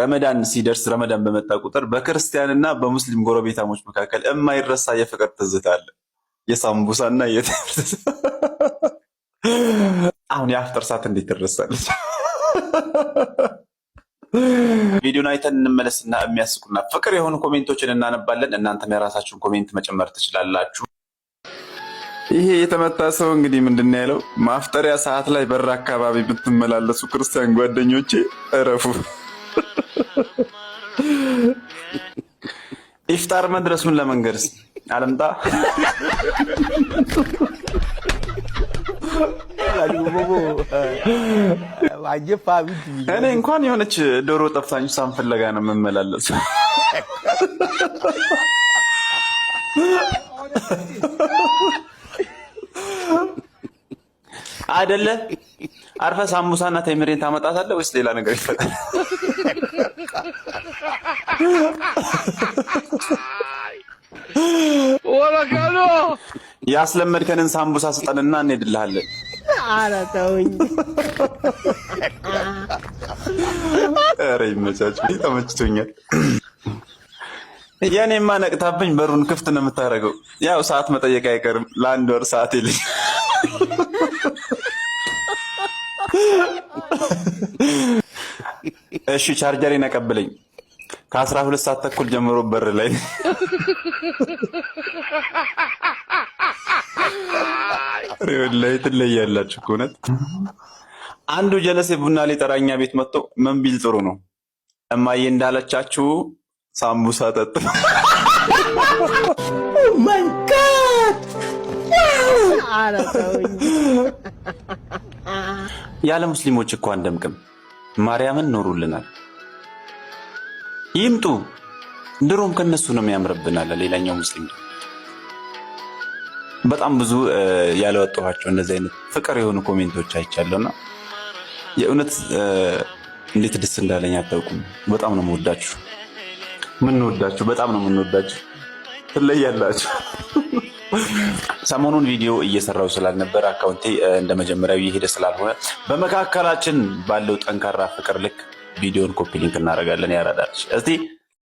ረመዳን ሲደርስ ረመዳን በመጣ ቁጥር በክርስቲያንና በሙስሊም ጎረቤታሞች መካከል የማይረሳ የፍቅር ትዝታ አለ። የሳምቡሳና አሁን የአፍጠር ሰዓት እንዴት ትረሳለች? ቪዲዮን አይተን እንመለስና የሚያስቁና ፍቅር የሆኑ ኮሜንቶችን እናነባለን። እናንተም የራሳችሁን ኮሜንት መጨመር ትችላላችሁ። ይሄ የተመታ ሰው እንግዲህ ምንድን ነው ያለው? ማፍጠሪያ ሰዓት ላይ በር አካባቢ ብትመላለሱ ክርስቲያን ጓደኞቼ እረፉ። ኢፍጣር መድረሱን ለመንገርስ አለምጣ እኔ እንኳን የሆነች ዶሮ ጠፍታኝ ሳን ፍለጋ ነው የምመላለሱ። አይደለ? አርፈ ሳምቡሳና ተምሬን ታመጣታለ ወይስ ሌላ ነገር ይፈጠራል? ያስለመድከንን ሳምቡሳ ስጠንና እንሄድልሃለን። ኧረ ተውኝ። ኧረ ይመቻች። ተመችቶኛል። ማ ነቅታብኝ በሩን ክፍት ነው የምታደርገው። ያው ሰዓት መጠየቅ አይቀርም። ለአንድ ወር ሰዓት የለኝም። እሺ ቻርጀሬን አቀብለኝ። ከአስራ ሁለት ሰዓት ተኩል ጀምሮ በር ላይ ላይ ትለያላችሁ እውነት። አንዱ ጀለሴ ቡና ሊጠራኛ ቤት መጥቶ ምን ቢል ጥሩ ነው እማዬ እንዳለቻችሁ ሳምቡሳ ጠጥ ማይ ጋድ ያለ ሙስሊሞች እኮ አንደምቅም። ማርያምን ኖሩልናል። ይምጡ፣ ድሮም ከነሱ ነው የሚያምርብን አለ ሌላኛው ሙስሊም። በጣም ብዙ ያለወጣኋቸው እንደዚህ አይነት ፍቅር የሆኑ ኮሜንቶች አይቻለሁና የእውነት እንዴት ደስ እንዳለኝ አታውቁም። በጣም ነው የምወዳችሁ፣ ምንወዳችሁ፣ በጣም ነው ምንወዳችሁ። ትለያላችሁ ሰሞኑን ቪዲዮ እየሰራው ስላልነበር አካውንቴ እንደ መጀመሪያው እየሄደ ስላልሆነ በመካከላችን ባለው ጠንካራ ፍቅር ልክ ቪዲዮን ኮፒ ሊንክ እናደርጋለን። ያራዳለች እስቲ